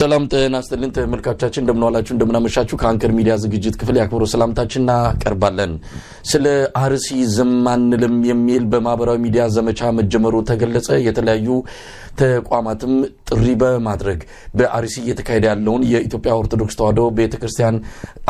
ሰላም ጤና ይስጥልን ተመልካቾቻችን፣ እንደምንዋላችሁ እንደምናመሻችሁ። ከአንከር ሚዲያ ዝግጅት ክፍል ያክብሮ ሰላምታችን እናቀርባለን። ስለ አርሲ ዝም አንልም የሚል በማህበራዊ ሚዲያ ዘመቻ መጀመሩ ተገለጸ። የተለያዩ ተቋማትም ጥሪ በማድረግ በአርሲ እየተካሄደ ያለውን የኢትዮጵያ ኦርቶዶክስ ተዋሕዶ ቤተክርስቲያን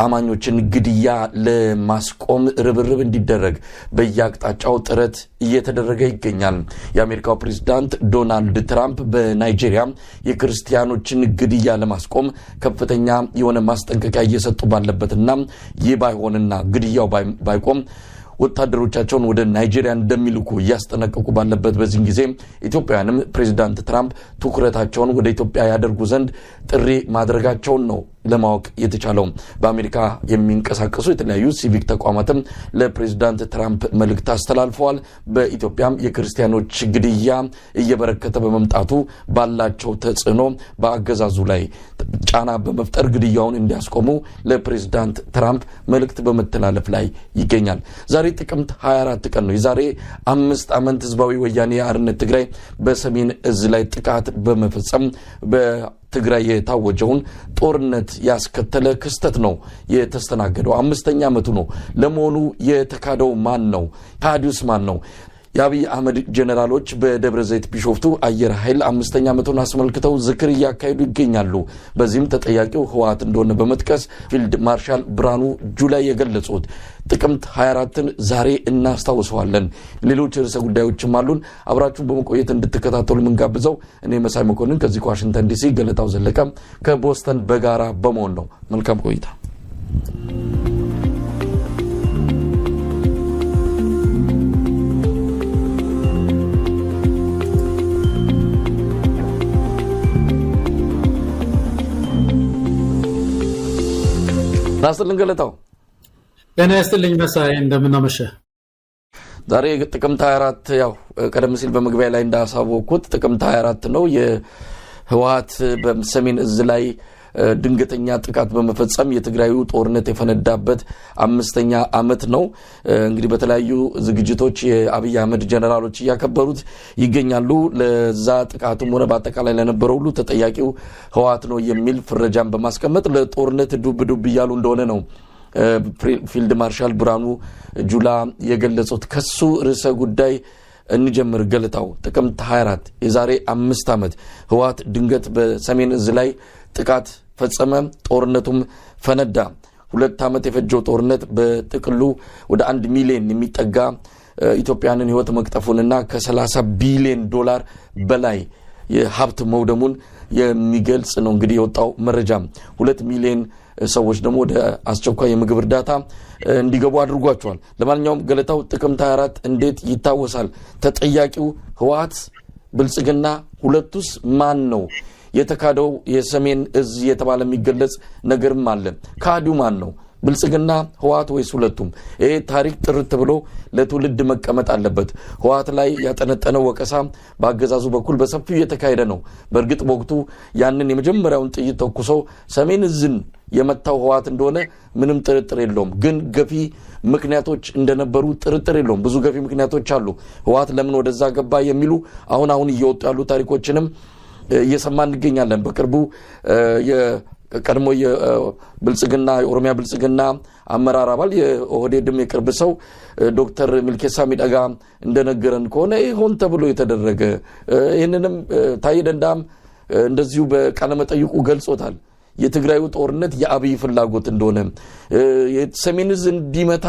አማኞችን ግድያ ለማስቆም ርብርብ እንዲደረግ በየአቅጣጫው ጥረት እየተደረገ ይገኛል። የአሜሪካው ፕሬዚዳንት ዶናልድ ትራምፕ በናይጄሪያ የክርስቲያኖችን ግድያ ለማስቆም ከፍተኛ የሆነ ማስጠንቀቂያ እየሰጡ ባለበትና ይህ ባይሆንና ግድያው ባይቆም ወታደሮቻቸውን ወደ ናይጄሪያ እንደሚልኩ እያስጠነቀቁ ባለበት በዚህም ጊዜ ኢትዮጵያውያንም ፕሬዚዳንት ትራምፕ ትኩረታቸውን ወደ ኢትዮጵያ ያደርጉ ዘንድ ጥሪ ማድረጋቸውን ነው ለማወቅ የተቻለው። በአሜሪካ የሚንቀሳቀሱ የተለያዩ ሲቪክ ተቋማትም ለፕሬዚዳንት ትራምፕ መልእክት አስተላልፈዋል። በኢትዮጵያም የክርስቲያኖች ግድያ እየበረከተ በመምጣቱ ባላቸው ተጽዕኖ በአገዛዙ ላይ ጫና በመፍጠር ግድያውን እንዲያስቆሙ ለፕሬዚዳንት ትራምፕ መልእክት በመተላለፍ ላይ ይገኛል። ዛሬ ጥቅምት 24 ቀን ነው። የዛሬ አምስት ዓመት ህዝባዊ ወያኔ አርነት ትግራይ በሰሜን እዝ ላይ ጥቃት በመፈጸም ትግራይ የታወጀውን ጦርነት ያስከተለ ክስተት ነው የተስተናገደው። አምስተኛ ዓመቱ ነው። ለመሆኑ የተካደው ማን ነው? ከሃዲውስ ማን ነው? የአብይ አህመድ ጀኔራሎች በደብረ ዘይት ቢሾፍቱ አየር ኃይል አምስተኛ ዓመቱን አስመልክተው ዝክር እያካሄዱ ይገኛሉ። በዚህም ተጠያቂው ህወሓት እንደሆነ በመጥቀስ ፊልድ ማርሻል ብርሃኑ ጁላይ የገለጹት ጥቅምት 24ን ዛሬ እናስታውሰዋለን። ሌሎች ርዕሰ ጉዳዮችም አሉን። አብራችሁን በመቆየት እንድትከታተሉ ምንጋብዘው እኔ መሳይ መኮንን ከዚህ ከዋሽንግተን ዲሲ ገለጣው ዘለቀም ከቦስተን በጋራ በመሆን ነው። መልካም ቆይታ ናስልን ገለታው ጤና ይስጥልኝ መሳይ፣ እንደምናመሸ ዛሬ ጥቅምት 24 ያው ቀደም ሲል በመግቢያ ላይ እንዳሳወቅኩት ጥቅምት 24 ነው የህወሀት በሰሜን እዝ ላይ ድንገተኛ ጥቃት በመፈጸም የትግራዩ ጦርነት የፈነዳበት አምስተኛ ዓመት ነው። እንግዲህ በተለያዩ ዝግጅቶች የአብይ አህመድ ጀነራሎች እያከበሩት ይገኛሉ። ለዛ ጥቃቱም ሆነ በአጠቃላይ ለነበረው ሁሉ ተጠያቂው ህወሓት ነው የሚል ፍረጃን በማስቀመጥ ለጦርነት ዱብ ዱብ እያሉ እንደሆነ ነው ፊልድ ማርሻል ብርሃኑ ጁላ የገለጹት። ከሱ ርዕሰ ጉዳይ እንጀምር። ገለታው ጥቅምት 24 የዛሬ አምስት ዓመት ህወሓት ድንገት በሰሜን እዝ ላይ ጥቃት ፈጸመ። ጦርነቱም ፈነዳ። ሁለት ዓመት የፈጀው ጦርነት በጥቅሉ ወደ አንድ ሚሊዮን የሚጠጋ ኢትዮጵያንን ህይወት መቅጠፉንና ከ30 ቢሊዮን ዶላር በላይ የሀብት መውደሙን የሚገልጽ ነው። እንግዲህ የወጣው መረጃ ሁለት ሚሊዮን ሰዎች ደግሞ ወደ አስቸኳይ የምግብ እርዳታ እንዲገቡ አድርጓቸዋል። ለማንኛውም ገለታው ጥቅምት 24 እንዴት ይታወሳል? ተጠያቂው ህወሓት ብልጽግና፣ ሁለቱስ ማን ነው? የተካደው የሰሜን እዝ የተባለ የሚገለጽ ነገርም አለ። ካዲ ማን ነው? ብልጽግና፣ ህዋት ወይስ ሁለቱም? ይህ ታሪክ ጥርት ብሎ ለትውልድ መቀመጥ አለበት። ህዋት ላይ ያጠነጠነው ወቀሳ በአገዛዙ በኩል በሰፊው እየተካሄደ ነው። በእርግጥ በወቅቱ ያንን የመጀመሪያውን ጥይት ተኩሶ ሰሜን እዝን የመታው ህዋት እንደሆነ ምንም ጥርጥር የለውም። ግን ገፊ ምክንያቶች እንደነበሩ ጥርጥር የለውም። ብዙ ገፊ ምክንያቶች አሉ። ህዋት ለምን ወደዛ ገባ የሚሉ አሁን አሁን እየወጡ ያሉ ታሪኮችንም እየሰማ እንገኛለን። በቅርቡ ቀድሞ የብልጽግና የኦሮሚያ ብልጽግና አመራር አባል የኦህዴድም የቅርብ ሰው ዶክተር ሚልኬሳ ሚደጋ እንደነገረን ከሆነ ሆን ተብሎ የተደረገ ይህንንም ታይ ደንዳም እንደዚሁ በቃለመጠይቁ ገልጾታል። የትግራዩ ጦርነት የአብይ ፍላጎት እንደሆነ ሰሜንዝ እንዲመታ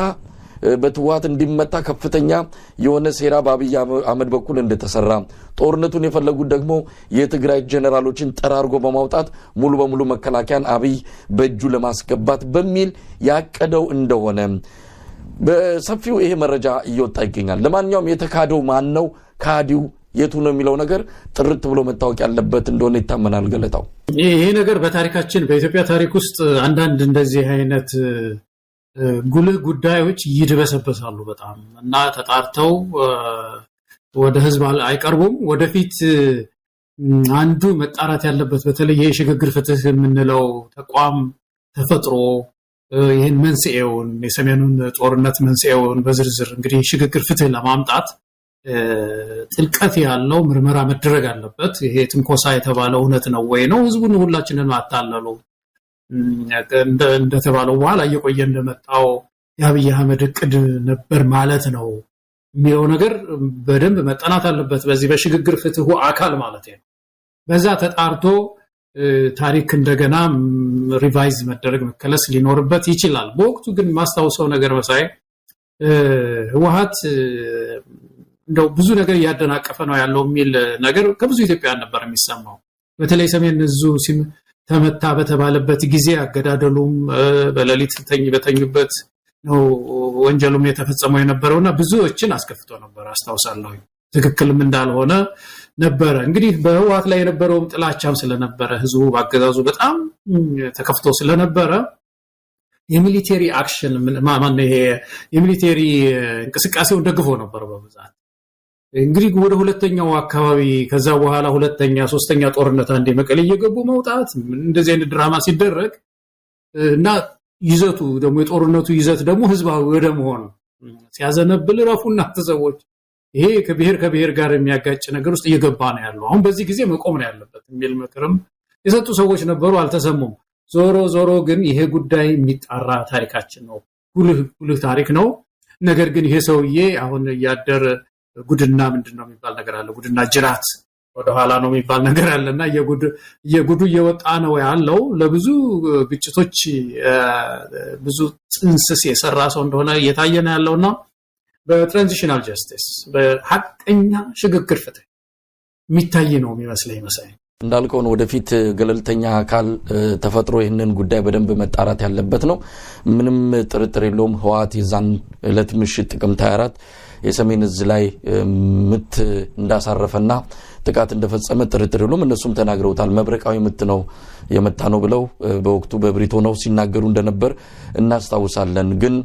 በትዋት እንዲመታ ከፍተኛ የሆነ ሴራ በአብይ አህመድ በኩል እንደተሰራ ጦርነቱን የፈለጉት ደግሞ የትግራይ ጀነራሎችን ጠራርጎ በማውጣት ሙሉ በሙሉ መከላከያን አብይ በእጁ ለማስገባት በሚል ያቀደው እንደሆነ በሰፊው ይሄ መረጃ እየወጣ ይገኛል። ለማንኛውም የተካደው ማን ነው? ካዲው የቱ ነው የሚለው ነገር ጥርት ብሎ መታወቅ ያለበት እንደሆነ ይታመናል። ገለጣው ይሄ ነገር በታሪካችን በኢትዮጵያ ታሪክ ውስጥ አንዳንድ እንደዚህ አይነት ጉልህ ጉዳዮች ይድበሰበሳሉ በጣም እና ተጣርተው ወደ ህዝብ አይቀርቡም። ወደፊት አንዱ መጣራት ያለበት በተለይ የሽግግር ፍትህ የምንለው ተቋም ተፈጥሮ ይህን መንስኤውን የሰሜኑን ጦርነት መንስኤውን በዝርዝር እንግዲህ ሽግግር ፍትህ ለማምጣት ጥልቀት ያለው ምርመራ መደረግ አለበት። ይሄ ትንኮሳ የተባለ እውነት ነው ወይ ነው ህዝቡን ሁላችንን ማታለሉ እንደተባለው በኋላ እየቆየ እንደመጣው የአብይ አህመድ እቅድ ነበር ማለት ነው የሚለው ነገር በደንብ መጠናት አለበት። በዚህ በሽግግር ፍትሁ አካል ማለት ነው። በዛ ተጣርቶ ታሪክ እንደገና ሪቫይዝ መደረግ መከለስ ሊኖርበት ይችላል። በወቅቱ ግን ማስታውሰው ነገር መሳይ ህወሀት እንደው ብዙ ነገር እያደናቀፈ ነው ያለው የሚል ነገር ከብዙ ኢትዮጵያውያን ነበር የሚሰማው። በተለይ ሰሜን እዙ ተመታ በተባለበት ጊዜ አገዳደሉም በሌሊት ተኝ በተኙበት ነው ወንጀሉም የተፈጸመው የነበረው እና ብዙዎችን አስከፍቶ ነበር አስታውሳለሁ። ትክክልም እንዳልሆነ ነበረ። እንግዲህ በህወሓት ላይ የነበረውም ጥላቻም ስለነበረ ህዝቡ በአገዛዙ በጣም ተከፍቶ ስለነበረ የሚሊቴሪ አክሽን ማነው ይሄ የሚሊቴሪ እንቅስቃሴውን ደግፎ ነበር በብዛት እንግዲህ ወደ ሁለተኛው አካባቢ ከዛ በኋላ ሁለተኛ ሶስተኛ ጦርነት አንዴ መቀሌ እየገቡ መውጣት እንደዚህ አይነት ድራማ ሲደረግ እና ይዘቱ ደግሞ የጦርነቱ ይዘት ደግሞ ህዝባዊ ወደ መሆኑ ሲያዘነብል ረፉ እናንተ ሰዎች ይሄ ከብሔር ከብሔር ጋር የሚያጋጭ ነገር ውስጥ እየገባ ነው ያለው አሁን በዚህ ጊዜ መቆም ነው ያለበት የሚል ምክርም የሰጡ ሰዎች ነበሩ አልተሰሙም ዞሮ ዞሮ ግን ይሄ ጉዳይ የሚጣራ ታሪካችን ነው ጉልህ ታሪክ ነው ነገር ግን ይሄ ሰውዬ አሁን እያደር ጉድና ምንድን ነው የሚባል ነገር አለ። ጉድና ጅራት ወደኋላ ነው የሚባል ነገር አለ እና የጉዱ እየወጣ ነው ያለው። ለብዙ ግጭቶች ብዙ ጥንስስ የሰራ ሰው እንደሆነ እየታየ ነው ያለው እና በትራንዚሽናል ጀስቲስ በሀቀኛ ሽግግር ፍትህ የሚታይ ነው የሚመስለኝ መሳይ እንዳልከውን ወደፊት ገለልተኛ አካል ተፈጥሮ ይህንን ጉዳይ በደንብ መጣራት ያለበት ነው። ምንም ጥርጥር የለውም። ህወሓት የዛን ዕለት ምሽት ጥቅምት 24 የሰሜን እዝ ላይ ምት እንዳሳረፈና ጥቃት እንደፈጸመ ጥርጥር የለውም። እነሱም ተናግረውታል። መብረቃዊ ምት ነው የመታ ነው ብለው በወቅቱ በብሪቶ ነው ሲናገሩ እንደነበር እናስታውሳለን ግን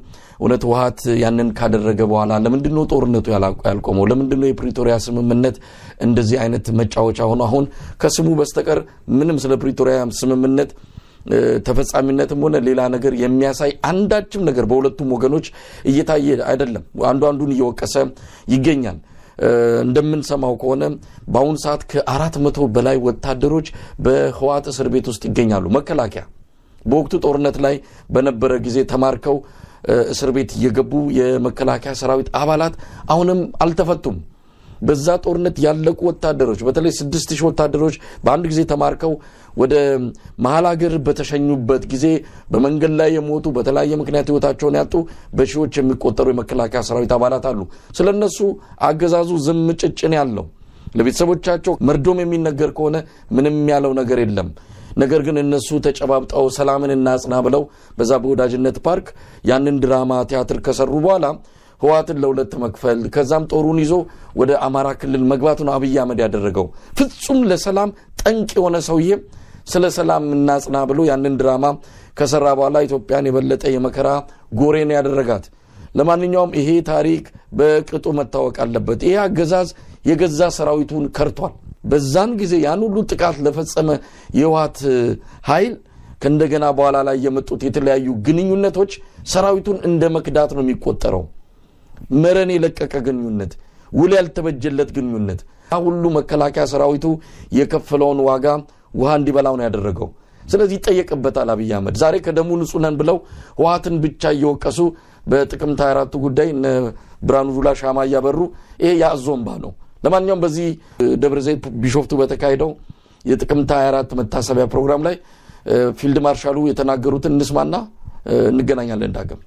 እውነት ውሃት ያንን ካደረገ በኋላ ለምንድነው ጦርነቱ ያልቆመው? ለምንድነው የፕሪቶሪያ ስምምነት እንደዚህ አይነት መጫወቻ ሆኖ አሁን ከስሙ በስተቀር ምንም ስለ ፕሪቶሪያ ስምምነት ተፈጻሚነትም ሆነ ሌላ ነገር የሚያሳይ አንዳችም ነገር በሁለቱም ወገኖች እየታየ አይደለም። አንዱ አንዱን እየወቀሰ ይገኛል። እንደምንሰማው ከሆነ በአሁኑ ሰዓት ከአራት መቶ በላይ ወታደሮች በህዋት እስር ቤት ውስጥ ይገኛሉ። መከላከያ በወቅቱ ጦርነት ላይ በነበረ ጊዜ ተማርከው እስር ቤት የገቡ የመከላከያ ሰራዊት አባላት አሁንም አልተፈቱም። በዛ ጦርነት ያለቁ ወታደሮች በተለይ ስድስት ሺህ ወታደሮች በአንድ ጊዜ ተማርከው ወደ መሀል ሀገር በተሸኙበት ጊዜ በመንገድ ላይ የሞቱ በተለያየ ምክንያት ህይወታቸውን ያጡ በሺዎች የሚቆጠሩ የመከላከያ ሰራዊት አባላት አሉ። ስለ እነሱ አገዛዙ ዝም ጭጭን ያለው ለቤተሰቦቻቸው መርዶም የሚነገር ከሆነ ምንም ያለው ነገር የለም። ነገር ግን እነሱ ተጨባብጠው ሰላምን እናጽና ብለው በዛ በወዳጅነት ፓርክ ያንን ድራማ ቲያትር ከሰሩ በኋላ ህዋትን ለሁለት መክፈል ከዛም ጦሩን ይዞ ወደ አማራ ክልል መግባት ነው አብይ አመድ ያደረገው። ፍጹም ለሰላም ጠንቅ የሆነ ሰውዬ ስለ ሰላም እናጽና ብሎ ያንን ድራማ ከሰራ በኋላ ኢትዮጵያን የበለጠ የመከራ ጎሬን ያደረጋት። ለማንኛውም ይሄ ታሪክ በቅጡ መታወቅ አለበት። ይሄ አገዛዝ የገዛ ሰራዊቱን ከርቷል። በዛን ጊዜ ያን ሁሉ ጥቃት ለፈጸመ የህወሓት ኃይል ከእንደገና በኋላ ላይ የመጡት የተለያዩ ግንኙነቶች ሰራዊቱን እንደ መክዳት ነው የሚቆጠረው። መረን የለቀቀ ግንኙነት፣ ውል ያልተበጀለት ግንኙነት። ሁሉ መከላከያ ሰራዊቱ የከፈለውን ዋጋ ውሃ እንዲበላው ነው ያደረገው። ስለዚህ ይጠየቅበታል አብይ አህመድ። ዛሬ ከደሙ ንጹነን ነን ብለው ህዋትን ብቻ እየወቀሱ በጥቅምት 24 ጉዳይ ብራኑ ጁላ ሻማ እያበሩ ይሄ የአዞ ነው። ለማንኛውም በዚህ ደብረ ዘይት ቢሾፍቱ በተካሄደው የጥቅምት 24 መታሰቢያ ፕሮግራም ላይ ፊልድ ማርሻሉ የተናገሩትን እንስማና እንገናኛለን። ዳግም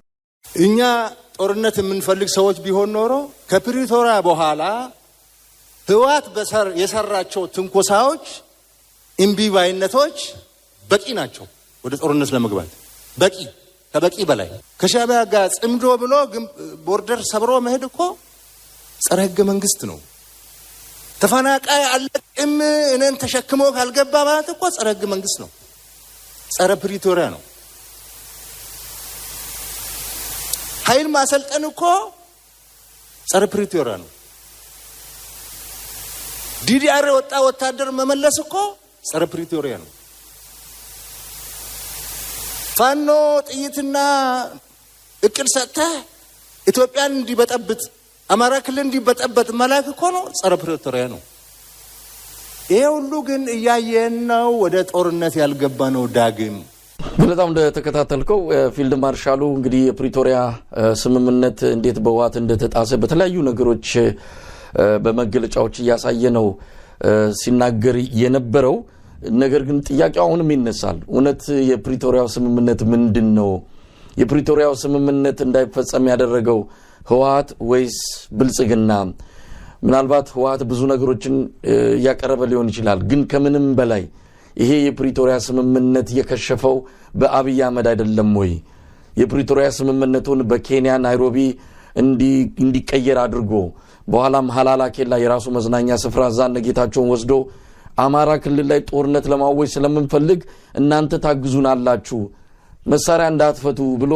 እኛ ጦርነት የምንፈልግ ሰዎች ቢሆን ኖሮ ከፕሪቶሪያ በኋላ ህወሓት የሰራቸው ትንኮሳዎች፣ እምቢባይነቶች በቂ ናቸው ወደ ጦርነት ለመግባት በቂ ከበቂ በላይ ከሻቢያ ጋር ጽምዶ ብሎ ቦርደር ሰብሮ መሄድ እኮ ጸረ ህገ መንግስት ነው። ተፈናቃይ አለቅም እኔን ተሸክሞ ካልገባ ማለት እኮ ጸረ ህግ መንግስት ነው፣ ጸረ ፕሪቶሪያ ነው። ኃይል ማሰልጠን እኮ ጸረ ፕሪቶሪያ ነው። ዲዲአር የወጣ ወታደር መመለስ እኮ ጸረ ፕሪቶሪያ ነው። ፋኖ ጥይትና እቅድ ሰጥተህ ኢትዮጵያን እንዲበጠብጥ አማራ ክልል እንዲበጠበጥ መላክ እኮ ነው፣ ጸረ ፕሪቶሪያ ነው። ይሄ ሁሉ ግን እያየን ነው፣ ወደ ጦርነት ያልገባ ነው ዳግም ገለጣው እንደተከታተልከው ፊልድ ማርሻሉ እንግዲህ የፕሪቶሪያ ስምምነት እንዴት በዋት እንደተጣሰ በተለያዩ ነገሮች በመገለጫዎች እያሳየ ነው ሲናገር የነበረው። ነገር ግን ጥያቄው አሁንም ይነሳል። እውነት የፕሪቶሪያው ስምምነት ምንድን ነው? የፕሪቶሪያው ስምምነት እንዳይፈጸም ያደረገው ህወሀት ወይስ ብልጽግና? ምናልባት ህወሀት ብዙ ነገሮችን እያቀረበ ሊሆን ይችላል። ግን ከምንም በላይ ይሄ የፕሪቶሪያ ስምምነት የከሸፈው በአብይ አህመድ አይደለም ወይ? የፕሪቶሪያ ስምምነቱን በኬንያ ናይሮቢ እንዲቀየር አድርጎ በኋላም ሀላላ ኬላ የራሱ መዝናኛ ስፍራ እዛ ነጌታቸውን ጌታቸውን ወስዶ አማራ ክልል ላይ ጦርነት ለማወጅ ስለምንፈልግ እናንተ ታግዙናላችሁ መሳሪያ እንዳትፈቱ ብሎ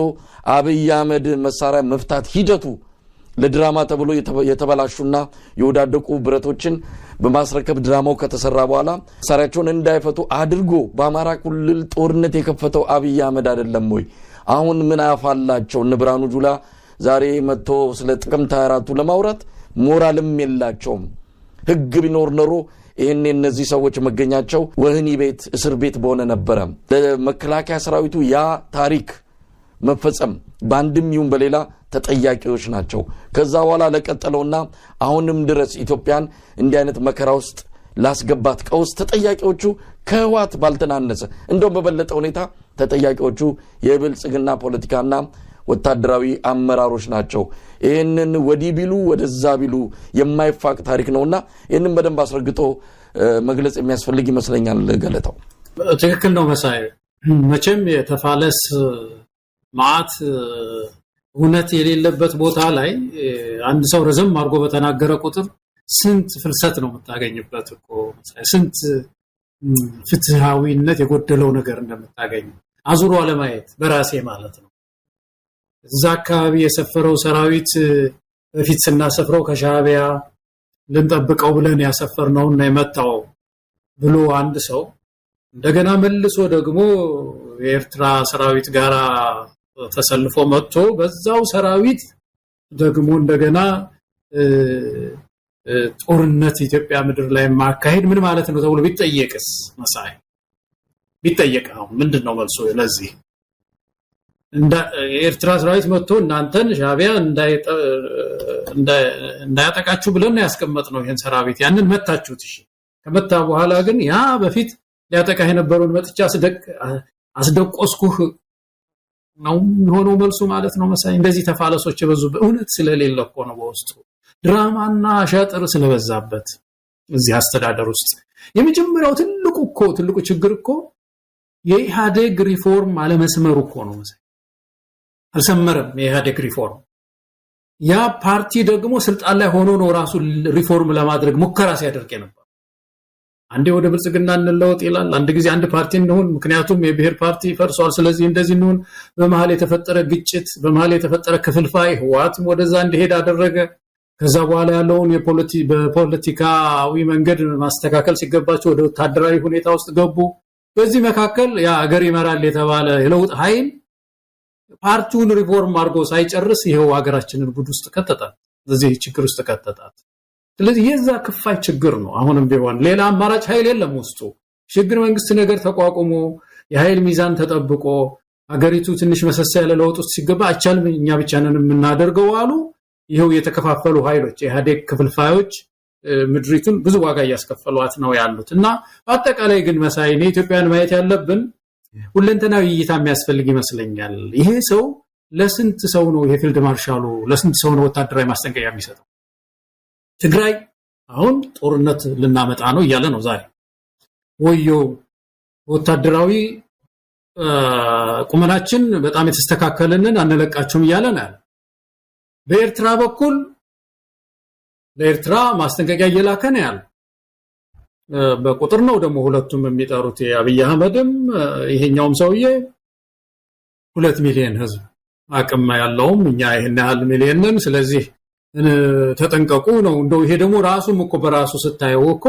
አብይ አህመድ መሳሪያ መፍታት ሂደቱ ለድራማ ተብሎ የተበላሹና የወዳደቁ ብረቶችን በማስረከብ ድራማው ከተሰራ በኋላ መሳሪያቸውን እንዳይፈቱ አድርጎ በአማራ ክልል ጦርነት የከፈተው አብይ አህመድ አይደለም ወይ? አሁን ምን አፋላቸው? ንብራኑ ጁላ ዛሬ መጥቶ ስለ ጥቅምት 24ቱ ለማውራት ሞራልም የላቸውም። ህግ ቢኖር ኖሮ ይህን እነዚህ ሰዎች መገኛቸው ወህኒ ቤት እስር ቤት በሆነ ነበረ። ለመከላከያ ሰራዊቱ ያ ታሪክ መፈጸም በአንድም ይሁን በሌላ ተጠያቂዎች ናቸው። ከዛ በኋላ ለቀጠለውና አሁንም ድረስ ኢትዮጵያን እንዲህ አይነት መከራ ውስጥ ላስገባት ቀውስ ተጠያቂዎቹ ከህዋት ባልተናነሰ እንደውም በበለጠ ሁኔታ ተጠያቂዎቹ የብልጽግና ፖለቲካና ወታደራዊ አመራሮች ናቸው። ይህንን ወዲህ ቢሉ ወደዛ ቢሉ የማይፋቅ ታሪክ ነውና ይህንን በደንብ አስረግጦ መግለጽ የሚያስፈልግ ይመስለኛል። ገለታው ትክክል ነው መሳይ። መቼም የተፋለስ ማት እውነት የሌለበት ቦታ ላይ አንድ ሰው ረዘም አድርጎ በተናገረ ቁጥር ስንት ፍልሰት ነው የምታገኝበት እኮ ስንት ፍትሃዊነት የጎደለው ነገር እንደምታገኝ አዙሮ አለማየት በራሴ ማለት ነው። እዛ አካባቢ የሰፈረው ሰራዊት በፊት ስናሰፍረው ከሻቢያ ልንጠብቀው ብለን ያሰፈር ነው የመታው ብሎ አንድ ሰው እንደገና መልሶ ደግሞ የኤርትራ ሰራዊት ጋር ተሰልፎ መጥቶ በዛው ሰራዊት ደግሞ እንደገና ጦርነት ኢትዮጵያ ምድር ላይ ማካሄድ ምን ማለት ነው ተብሎ ቢጠየቅስ? መሳይ ቢጠየቅ ነው ምንድን ነው መልሶ ለዚህ የኤርትራ ሰራዊት መጥቶ እናንተን ሻቢያ እንዳያጠቃችሁ ብለን ያስቀመጥ ነው ይህን ሰራዊት ያንን መታችሁት። እሺ ከመታ በኋላ ግን ያ በፊት ሊያጠቃ የነበረውን መጥቻ አስደቆስኩህ ነው የሆነው መልሱ ማለት ነው። መሳይ እንደዚህ ተፋለሶች የበዙ እውነት ስለሌለ እኮ ነው በውስጡ ድራማና ሸጥር ስለበዛበት እዚህ አስተዳደር ውስጥ የመጀመሪያው ትልቁ እኮ ትልቁ ችግር እኮ የኢህአዴግ ሪፎርም አለመስመሩ እኮ ነው መሳይ አልሰመረም የኢህአዴግ ሪፎርም። ያ ፓርቲ ደግሞ ስልጣን ላይ ሆኖ ነው ራሱን ሪፎርም ለማድረግ ሙከራ ሲያደርግ ነበር። አንዴ ወደ ብልጽግና እንለወጥ ይላል፣ አንድ ጊዜ አንድ ፓርቲ እንሁን፣ ምክንያቱም የብሔር ፓርቲ ፈርሷል፣ ስለዚህ እንደዚህ እንሁን። በመሀል የተፈጠረ ግጭት፣ በመሀል የተፈጠረ ክፍልፋይ፣ ህወሓትም ወደዛ እንዲሄድ አደረገ። ከዛ በኋላ ያለውን በፖለቲካዊ መንገድ ማስተካከል ሲገባቸው ወደ ወታደራዊ ሁኔታ ውስጥ ገቡ። በዚህ መካከል ያ አገር ይመራል የተባለ የለውጥ ኃይል ፓርቲውን ሪፎርም አድርጎ ሳይጨርስ ይኸው ሀገራችንን ጉድ ውስጥ ከተታት እዚህ ችግር ውስጥ ከተታት ስለዚህ የዛ ክፋይ ችግር ነው። አሁንም ቢሆን ሌላ አማራጭ ኃይል የለም ውስጡ ሽግግር መንግስት ነገር ተቋቁሞ የኃይል ሚዛን ተጠብቆ ሀገሪቱ ትንሽ መሰሳ ያለ ለውጥ ውስጥ ሲገባ አይቻልም፣ እኛ ብቻ የምናደርገው አሉ። ይኸው የተከፋፈሉ ኃይሎች የኢህአዴግ ክፍልፋዮች ምድሪቱን ብዙ ዋጋ እያስከፈሏት ነው ያሉት እና በአጠቃላይ ግን መሳይ እኔ ኢትዮጵያን ማየት ያለብን ሁለንተናዊ እይታ የሚያስፈልግ ይመስለኛል። ይሄ ሰው ለስንት ሰው ነው የፊልድ ማርሻሉ ለስንት ሰው ነው ወታደራዊ ማስጠንቀቂያ የሚሰጠው? ትግራይ አሁን ጦርነት ልናመጣ ነው እያለ ነው ዛሬ። ወዮ ወታደራዊ ቁመናችን በጣም የተስተካከልንን አንለቃቸውም እያለ ነው ያለ። በኤርትራ በኩል ለኤርትራ ማስጠንቀቂያ እየላከ ነው ያለው። በቁጥር ነው ደግሞ ሁለቱም የሚጠሩት የአብይ አህመድም ይሄኛውም ሰውዬ ሁለት ሚሊዮን ህዝብ አቅም ያለውም እኛ ይህን ያህል ሚሊዮንን ስለዚህ ተጠንቀቁ ነው። እንደው ይሄ ደግሞ ራሱም እኮ በራሱ ስታየው እኮ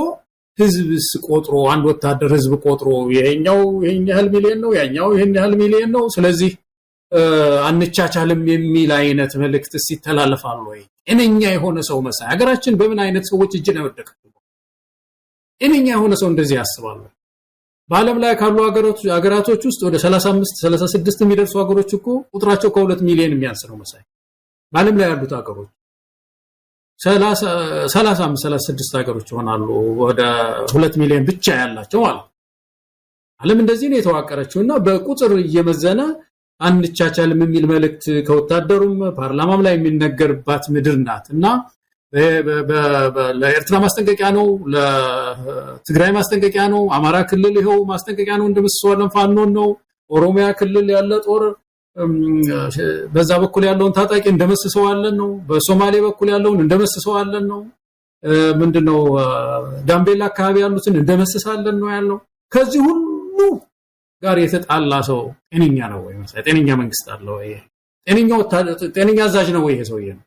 ህዝብስ ቆጥሮ አንድ ወታደር ህዝብ ቆጥሮ ይሄኛው ይህን ያህል ሚሊዮን ነው፣ ያኛው ይህን ያህል ሚሊዮን ነው፣ ስለዚህ አንቻቻልም የሚል አይነት መልእክት ሲተላለፋሉ ወይ? ጤነኛ የሆነ ሰው መሳይ ሀገራችን በምን አይነት ሰዎች እጅ ነው የወደቀችው? ጤነኛ የሆነ ሰው እንደዚህ ያስባሉ። በዓለም ላይ ካሉ ሀገራቶች ውስጥ ወደ 35 36 የሚደርሱ ሀገሮች እኮ ቁጥራቸው ከሁለት ሚሊዮን የሚያንስ ነው። መሳይ በዓለም ላይ ያሉት ሀገሮች 35 36 ሀገሮች ይሆናሉ ወደ ሁለት ሚሊዮን ብቻ ያላቸው ማለት ዓለም እንደዚህ ነው የተዋቀረችው እና በቁጥር እየመዘነ አንቻቻልም የሚል መልእክት ከወታደሩም ፓርላማም ላይ የሚነገርባት ምድር ናት እና ለኤርትራ ማስጠንቀቂያ ነው፣ ለትግራይ ማስጠንቀቂያ ነው፣ አማራ ክልል ይኸው ማስጠንቀቂያ ነው። እንደምስዋለን ፋኖን ነው። ኦሮሚያ ክልል ያለ ጦር በዛ በኩል ያለውን ታጣቂ እንደመስሰዋለን ነው። በሶማሌ በኩል ያለውን እንደመስሰዋለን ነው። ምንድነው ዳምቤላ አካባቢ ያሉትን እንደመስሳለን ነው ያለው። ከዚህ ሁሉ ጋር የተጣላ ሰው ጤነኛ ነው ወይ? ጤነኛ መንግስት አለ ወይ? ጤነኛ አዛዥ ነው ወይ? ይሄ ሰውዬ ነው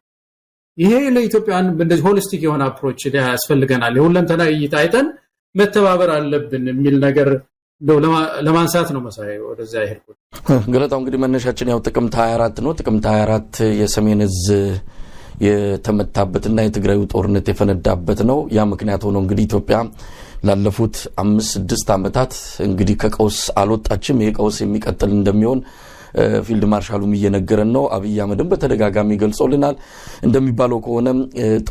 ይሄ ለኢትዮጵያን እንደዚህ ሆሊስቲክ የሆነ አፕሮች ያስፈልገናል። የሁለንተና እይታ አይተን መተባበር አለብን የሚል ነገር ለማንሳት ነው መሳ ወደዚያ ይሄድኩት። ገለጣው እንግዲህ መነሻችን ያው ጥቅምት 24 ነው። ጥቅምት 24 የሰሜን እዝ የተመታበትና የትግራዩ ጦርነት የፈነዳበት ነው። ያ ምክንያት ሆኖ እንግዲህ ኢትዮጵያ ላለፉት አምስት ስድስት ዓመታት እንግዲህ ከቀውስ አልወጣችም። ይህ ቀውስ የሚቀጥል እንደሚሆን ፊልድ ማርሻሉም እየነገረን ነው። አብይ አህመድም በተደጋጋሚ ገልጾልናል። እንደሚባለው ከሆነ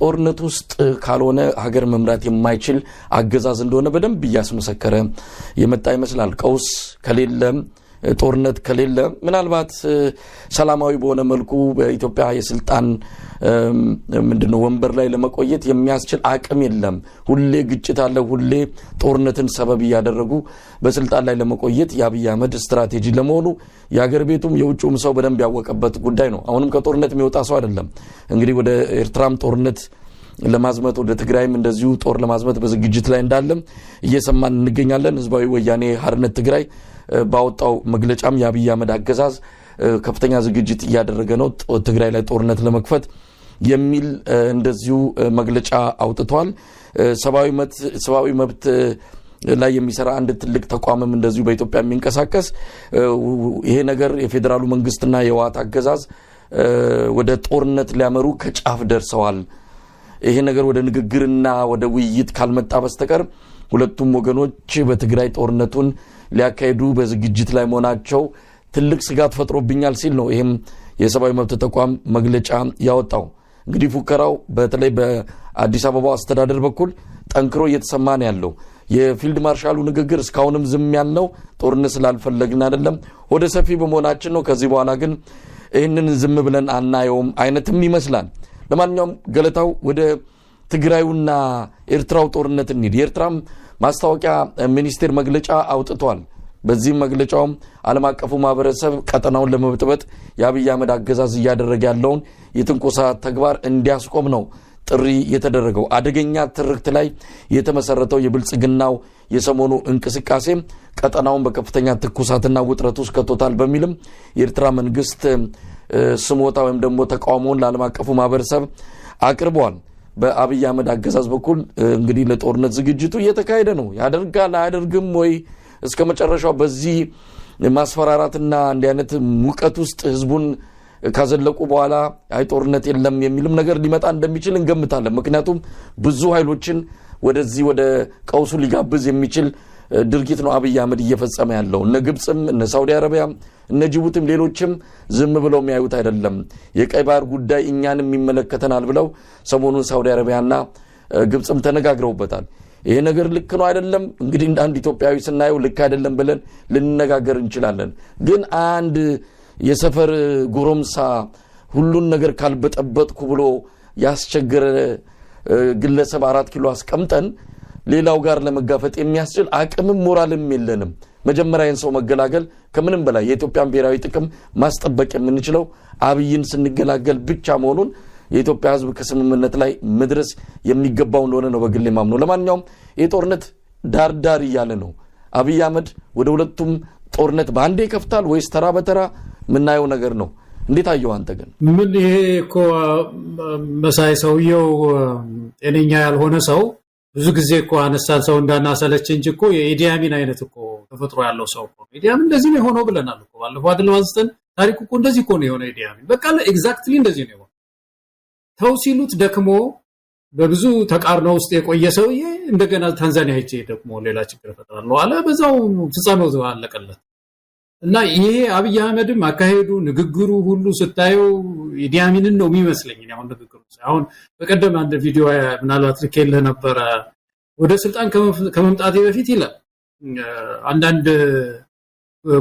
ጦርነት ውስጥ ካልሆነ ሀገር መምራት የማይችል አገዛዝ እንደሆነ በደንብ እያስመሰከረ የመጣ ይመስላል። ቀውስ ከሌለም ጦርነት ከሌለ ምናልባት ሰላማዊ በሆነ መልኩ በኢትዮጵያ የስልጣን ምንድነው ወንበር ላይ ለመቆየት የሚያስችል አቅም የለም። ሁሌ ግጭት አለ። ሁሌ ጦርነትን ሰበብ እያደረጉ በስልጣን ላይ ለመቆየት የአብይ አህመድ ስትራቴጂ ለመሆኑ የአገር ቤቱም የውጭውም ሰው በደንብ ያወቀበት ጉዳይ ነው። አሁንም ከጦርነት የሚወጣ ሰው አይደለም። እንግዲህ ወደ ኤርትራም ጦርነት ለማዝመት ወደ ትግራይም እንደዚሁ ጦር ለማዝመት በዝግጅት ላይ እንዳለም እየሰማን እንገኛለን። ህዝባዊ ወያኔ ሀርነት ትግራይ ባወጣው መግለጫም የአብይ አህመድ አገዛዝ ከፍተኛ ዝግጅት እያደረገ ነው ትግራይ ላይ ጦርነት ለመክፈት የሚል እንደዚሁ መግለጫ አውጥተዋል። ሰብአዊ መብት ላይ የሚሰራ አንድ ትልቅ ተቋምም እንደዚሁ በኢትዮጵያ የሚንቀሳቀስ ይሄ ነገር የፌዴራሉ መንግስትና የህወሓት አገዛዝ ወደ ጦርነት ሊያመሩ ከጫፍ ደርሰዋል ይሄ ነገር ወደ ንግግርና ወደ ውይይት ካልመጣ በስተቀር ሁለቱም ወገኖች በትግራይ ጦርነቱን ሊያካሂዱ በዝግጅት ላይ መሆናቸው ትልቅ ስጋት ፈጥሮብኛል ሲል ነው ይህም የሰብአዊ መብት ተቋም መግለጫ ያወጣው። እንግዲህ ፉከራው በተለይ በአዲስ አበባ አስተዳደር በኩል ጠንክሮ እየተሰማ ነው ያለው። የፊልድ ማርሻሉ ንግግር እስካሁንም ዝም ያልነው ጦርነት ስላልፈለግን አይደለም፣ ወደ ሰፊ በመሆናችን ነው። ከዚህ በኋላ ግን ይህንን ዝም ብለን አናየውም አይነትም ይመስላል። ለማንኛውም ገለታው ወደ ትግራዩና ኤርትራው ጦርነት እንሂድ። የኤርትራም ማስታወቂያ ሚኒስቴር መግለጫ አውጥቷል። በዚህም መግለጫውም ዓለም አቀፉ ማህበረሰብ ቀጠናውን ለመብጥበጥ የአብይ አህመድ አገዛዝ እያደረገ ያለውን የትንኮሳ ተግባር እንዲያስቆም ነው ጥሪ የተደረገው። አደገኛ ትርክት ላይ የተመሰረተው የብልጽግናው የሰሞኑ እንቅስቃሴ ቀጠናውን በከፍተኛ ትኩሳትና ውጥረት ውስጥ ከቶታል በሚልም የኤርትራ መንግስት ስሞታ ወይም ደግሞ ተቃውሞውን ለዓለም አቀፉ ማህበረሰብ አቅርበዋል። በአብይ አህመድ አገዛዝ በኩል እንግዲህ ለጦርነት ዝግጅቱ እየተካሄደ ነው። ያደርጋል አያደርግም ወይ እስከ መጨረሻው በዚህ ማስፈራራትና እንዲህ አይነት ሙቀት ውስጥ ህዝቡን ካዘለቁ በኋላ አይ ጦርነት የለም የሚልም ነገር ሊመጣ እንደሚችል እንገምታለን። ምክንያቱም ብዙ ኃይሎችን ወደዚህ ወደ ቀውሱ ሊጋብዝ የሚችል ድርጊት ነው አብይ አህመድ እየፈጸመ ያለው። እነ ግብፅም እነ ሳውዲ አረቢያም እነ ጅቡትም ሌሎችም ዝም ብለው የሚያዩት አይደለም። የቀይ ባህር ጉዳይ እኛንም ይመለከተናል ብለው ሰሞኑን ሳውዲ አረቢያና ግብፅም ተነጋግረውበታል። ይሄ ነገር ልክ ነው አይደለም፣ እንግዲህ እንደ አንድ ኢትዮጵያዊ ስናየው ልክ አይደለም ብለን ልንነጋገር እንችላለን። ግን አንድ የሰፈር ጎረምሳ ሁሉን ነገር ካልበጠበጥኩ ብሎ ያስቸገረ ግለሰብ አራት ኪሎ አስቀምጠን ሌላው ጋር ለመጋፈጥ የሚያስችል አቅምም ሞራልም የለንም። መጀመሪያን ሰው መገላገል ከምንም በላይ የኢትዮጵያን ብሔራዊ ጥቅም ማስጠበቅ የምንችለው አብይን ስንገላገል ብቻ መሆኑን የኢትዮጵያ ሕዝብ ከስምምነት ላይ መድረስ የሚገባው እንደሆነ ነው በግሌ ማምነው። ለማንኛውም ይህ ጦርነት ዳርዳር እያለ ነው። አብይ አህመድ ወደ ሁለቱም ጦርነት በአንዴ ይከፍታል ወይስ ተራ በተራ የምናየው ነገር ነው? እንዴት አየው አንተ? ግን ምን ይሄ እኮ መሳይ ሰውየው ጤነኛ ያልሆነ ሰው ብዙ ጊዜ እኮ አነሳን ሰው እንዳናሰለች እንጂ እኮ የኢዲያሚን አይነት እኮ ተፈጥሮ ያለው ሰው እኮ ኢዲያሚን እንደዚህ ነው የሆነው ብለናል እኮ ባለፈው አይደለም አንስተን ታሪኩ እኮ እንደዚህ እኮ ነው የሆነ ኢዲያሚን በቃ ኤግዛክትሊ እንደዚህ ነው የሆነ ተው ሲሉት ደክሞ በብዙ ተቃርኖ ውስጥ የቆየ ሰውዬ እንደገና ታንዛኒያ ሄጄ ደግሞ ሌላ ችግር እፈጥራለሁ አለ። በዛው ፍጻሜው አለቀለት። እና ይሄ አብይ አህመድም አካሄዱ ንግግሩ ሁሉ ስታየው ኢዲ አሚንን ነው የሚመስለኝ። አሁን ንግግሩ አሁን በቀደም አንድ ቪዲዮ ምናልባት ልኬልህ ነበረ። ወደ ስልጣን ከመምጣቴ በፊት ይላል አንዳንድ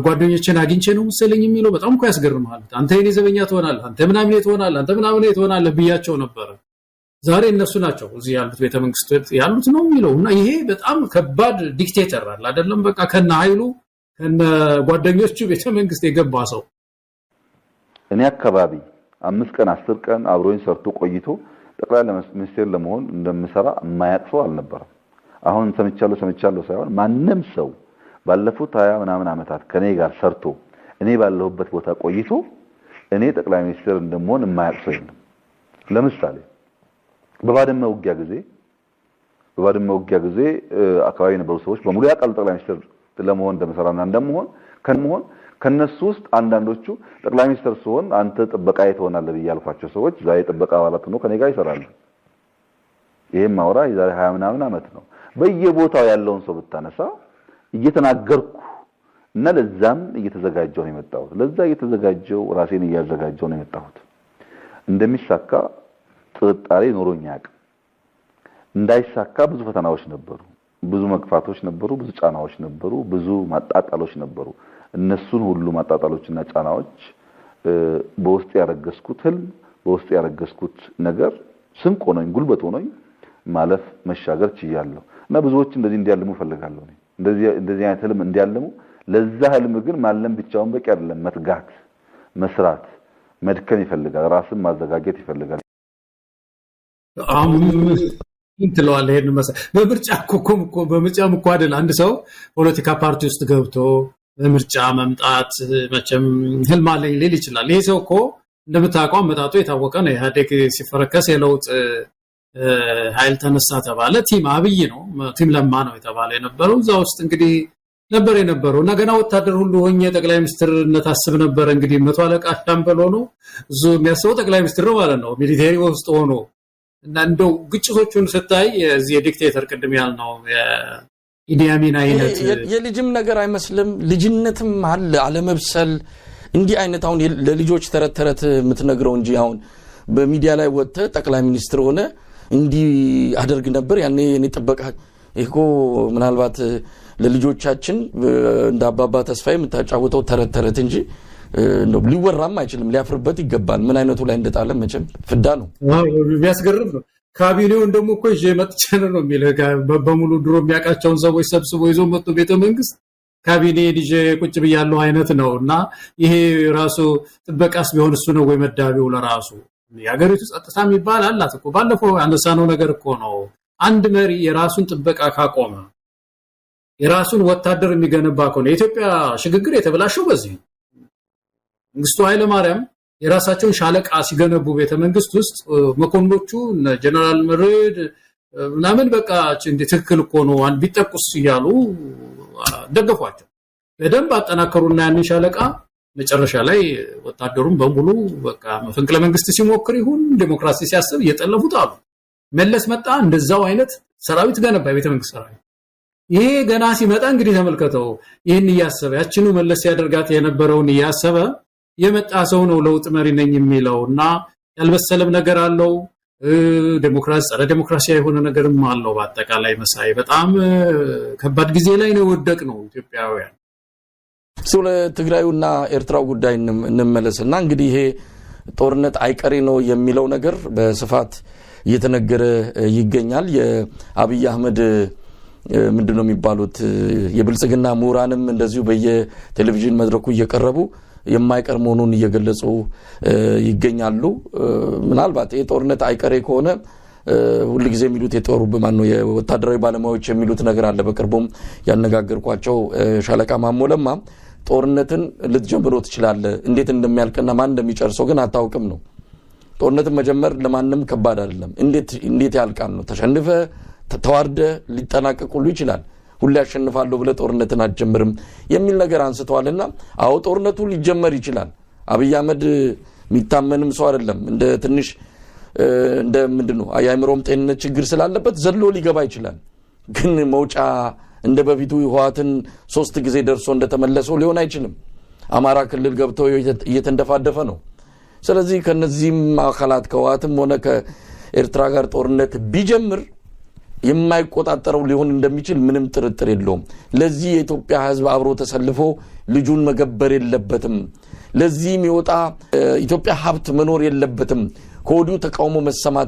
ጓደኞችን አግኝቼ ነው መሰለኝ የሚለው በጣም እኮ ያስገርምሃል። አንተ የኔ ዘበኛ ትሆናለህ፣ አንተ ምናምን ትሆናለህ፣ አንተ ምናምን ትሆናለህ ብያቸው ነበረ። ዛሬ እነሱ ናቸው እዚህ ያሉት ቤተመንግስት ያሉት ነው የሚለው እና ይሄ በጣም ከባድ ዲክቴተር አለ አይደለም በቃ ከነ ሀይሉ ከነ ጓደኞቹ ቤተ መንግስት የገባ ሰው እኔ አካባቢ አምስት ቀን አስር ቀን አብሮኝ ሰርቶ ቆይቶ ጠቅላይ ሚኒስቴር ለመሆን እንደምሰራ የማያውቅ ሰው አልነበረም። አሁን ሰምቻለሁ ሰምቻለሁ ሳይሆን ማንም ሰው ባለፉት ሀያ ምናምን ዓመታት ከኔ ጋር ሰርቶ እኔ ባለሁበት ቦታ ቆይቶ እኔ ጠቅላይ ሚኒስትር እንደምሆን የማያውቅ ሰው የለም። ለምሳሌ በባድመ ውጊያ ጊዜ በባድመ ውጊያ ጊዜ አካባቢ የነበሩ ሰዎች በሙሉ ያውቃሉ ጠቅላይ ሚኒስትር ለመሆን እንደምሰራና እንደምሆን ከንመሆን ከነሱ ውስጥ አንዳንዶቹ ጠቅላይ ሚኒስትር ስሆን አንተ ጥበቃ ትሆናለህ ብዬ ያልኳቸው ሰዎች ዛሬ ጥበቃ አባላት ሆኖ ከኔ ጋር ይሰራሉ። ይሄም ማውራ የዛሬ ሀያ ምናምን ዓመት ነው። በየቦታው ያለውን ሰው ብታነሳ እየተናገርኩ እና ለዛም እየተዘጋጀው ነው የመጣሁት። ለዛ እየተዘጋጀው ራሴን እያዘጋጀው ነው የመጣሁት። እንደሚሳካ ጥርጣሬ ኖሮኝ አያውቅም። እንዳይሳካ ብዙ ፈተናዎች ነበሩ። ብዙ መግፋቶች ነበሩ፣ ብዙ ጫናዎች ነበሩ፣ ብዙ ማጣጣሎች ነበሩ። እነሱን ሁሉ ማጣጣሎችና ጫናዎች በውስጥ ያረገዝኩት ህልም በውስጥ ያረገዝኩት ነገር ስንቅ ሆኖኝ ጉልበት ሆኖኝ ማለፍ መሻገር ችያለሁ እና ብዙዎች እንደዚህ እንዲያልሙ እፈልጋለሁ። እንደዚህ አይነት ህልም እንዲያልሙ። ለዛ ህልም ግን ማለም ብቻውን በቂ አይደለም። መትጋት፣ መስራት፣ መድከም ይፈልጋል። ራስን ማዘጋጀት ይፈልጋል። አሁን ትለዋል ይሄን በምርጫ ኮም እኮ በምርጫም እኮ አይደል አንድ ሰው ፖለቲካ ፓርቲ ውስጥ ገብቶ በምርጫ መምጣት መቼም ህልም አለኝ ሊል ይችላል። ይሄ ሰው እኮ እንደምታውቀው አመጣጡ የታወቀ ነው። ኢህአዴግ ሲፈረከስ የለውጥ ኃይል ተነሳ ተባለ። ቲም አብይ ነው ቲም ለማ ነው የተባለ የነበረው እዛ ውስጥ እንግዲህ ነበር የነበረው እና ገና ወታደር ሁሉ ሆኜ ጠቅላይ ሚኒስትርነት አስብ ነበረ። እንግዲህ መቶ አለቃ ሻምበል ሆኖ እሱ የሚያስበው ጠቅላይ ሚኒስትር ነው ማለት ነው ሚሊቴሪ ውስጥ ሆኖ እና እንደው ግጭቶቹን ስታይ የዚህ የዲክቴተር ቅድም ነው ኢዲያሚን አይነት የልጅም ነገር አይመስልም። ልጅነትም አለ አለመብሰል። እንዲህ አይነት አሁን ለልጆች ተረት ተረት የምትነግረው እንጂ አሁን በሚዲያ ላይ ወጥተ ጠቅላይ ሚኒስትር ሆነ እንዲህ አደርግ ነበር ያኔ የኔ ጥበቃ ይህ ምናልባት ለልጆቻችን እንደ አባባ ተስፋ የምታጫውተው ተረት ተረት እንጂ ሊወራም አይችልም። ሊያፍርበት ይገባል። ምን አይነቱ ላይ እንደጣለ መቼም ፍዳ ነው። የሚያስገርም ነው። ካቢኔውን ደግሞ እኮ ይዤ መጥቼ ነው የሚል በሙሉ ድሮ የሚያውቃቸውን ሰዎች ሰብስቦ ይዞ መጡ ቤተ መንግስት ካቢኔ ልጅ ቁጭ ብያለሁ አይነት ነው እና ይሄ ራሱ ጥበቃስ ቢሆን እሱ ነው ወይ መዳቢው ለራሱ የሀገሪቱ ጸጥታ የሚባል አላት እኮ ባለፈው ያነሳነው ነገር እኮ ነው አንድ መሪ የራሱን ጥበቃ ካቆመ የራሱን ወታደር የሚገነባ ከሆነ የኢትዮጵያ ሽግግር የተበላሸው በዚህ ነው መንግስቱ ኃይለማርያም የራሳቸውን ሻለቃ ሲገነቡ ቤተመንግስት ውስጥ መኮንኖቹ ጀነራል መሬድ ምናምን በቃ እንደ ትክክል እኮ ነው ቢጠቁስ እያሉ ደገፏቸው። በደንብ አጠናከሩና ያንን ሻለቃ መጨረሻ ላይ ወታደሩን በሙሉ በቃ መፈንቅለ መንግስት ሲሞክር ይሁን ዴሞክራሲ ሲያስብ እየጠለፉት አሉ። መለስ መጣ፣ እንደዛው አይነት ሰራዊት ገነባ፣ መንግስት ሰራዊት። ይሄ ገና ሲመጣ እንግዲህ ተመልከተው፣ ይህን እያሰበ ያችኑ መለስ ሲያደርጋት የነበረውን እያሰበ የመጣ ሰው ነው ለውጥ መሪ ነኝ የሚለው እና ያልበሰለም ነገር አለው። ዴሞክራሲ፣ ጸረ ዴሞክራሲያ የሆነ ነገርም አለው። በአጠቃላይ መሳይ በጣም ከባድ ጊዜ ላይ ነው የወደቅ ነው ኢትዮጵያውያን። ስለ ትግራዩና ኤርትራው ጉዳይ እንመለስ እና እንግዲህ ይሄ ጦርነት አይቀሬ ነው የሚለው ነገር በስፋት እየተነገረ ይገኛል። የአብይ አህመድ ምንድን ነው የሚባሉት የብልጽግና ምሁራንም እንደዚሁ በየቴሌቪዥን መድረኩ እየቀረቡ የማይቀር መሆኑን እየገለጹ ይገኛሉ። ምናልባት ይህ ጦርነት አይቀሬ ከሆነ ሁል ጊዜ የሚሉት የጦሩ ማን ነው የወታደራዊ ባለሙያዎች የሚሉት ነገር አለ። በቅርቡም ያነጋገርኳቸው ሻለቃ ማሞለማ ጦርነትን ልትጀምሮ ትችላለ እንዴት እንደሚያልቅና ማን እንደሚጨርሰው ግን አታውቅም ነው። ጦርነትን መጀመር ለማንም ከባድ አይደለም። እንዴት ያልቃል ነው። ተሸንፈ ተዋርደ ሊጠናቀቁሉ ይችላል። ሁሌ ያሸንፋለሁ ብለ ጦርነትን አትጀምርም የሚል ነገር አንስተዋልና አዎ ጦርነቱ ሊጀመር ይችላል። አብይ አህመድ የሚታመንም ሰው አይደለም። እንደ ትንሽ እንደ ምንድነ የአይምሮም ጤንነት ችግር ስላለበት ዘሎ ሊገባ ይችላል። ግን መውጫ እንደ በፊቱ ህዋትን ሶስት ጊዜ ደርሶ እንደተመለሰው ሊሆን አይችልም። አማራ ክልል ገብተው እየተንደፋደፈ ነው። ስለዚህ ከነዚህም አካላት ከህወሓትም ሆነ ከኤርትራ ጋር ጦርነት ቢጀምር የማይቆጣጠረው ሊሆን እንደሚችል ምንም ጥርጥር የለውም። ለዚህ የኢትዮጵያ ህዝብ አብሮ ተሰልፎ ልጁን መገበር የለበትም። ለዚህ የሚወጣ ኢትዮጵያ ሀብት መኖር የለበትም። ከወዲሁ ተቃውሞ መሰማት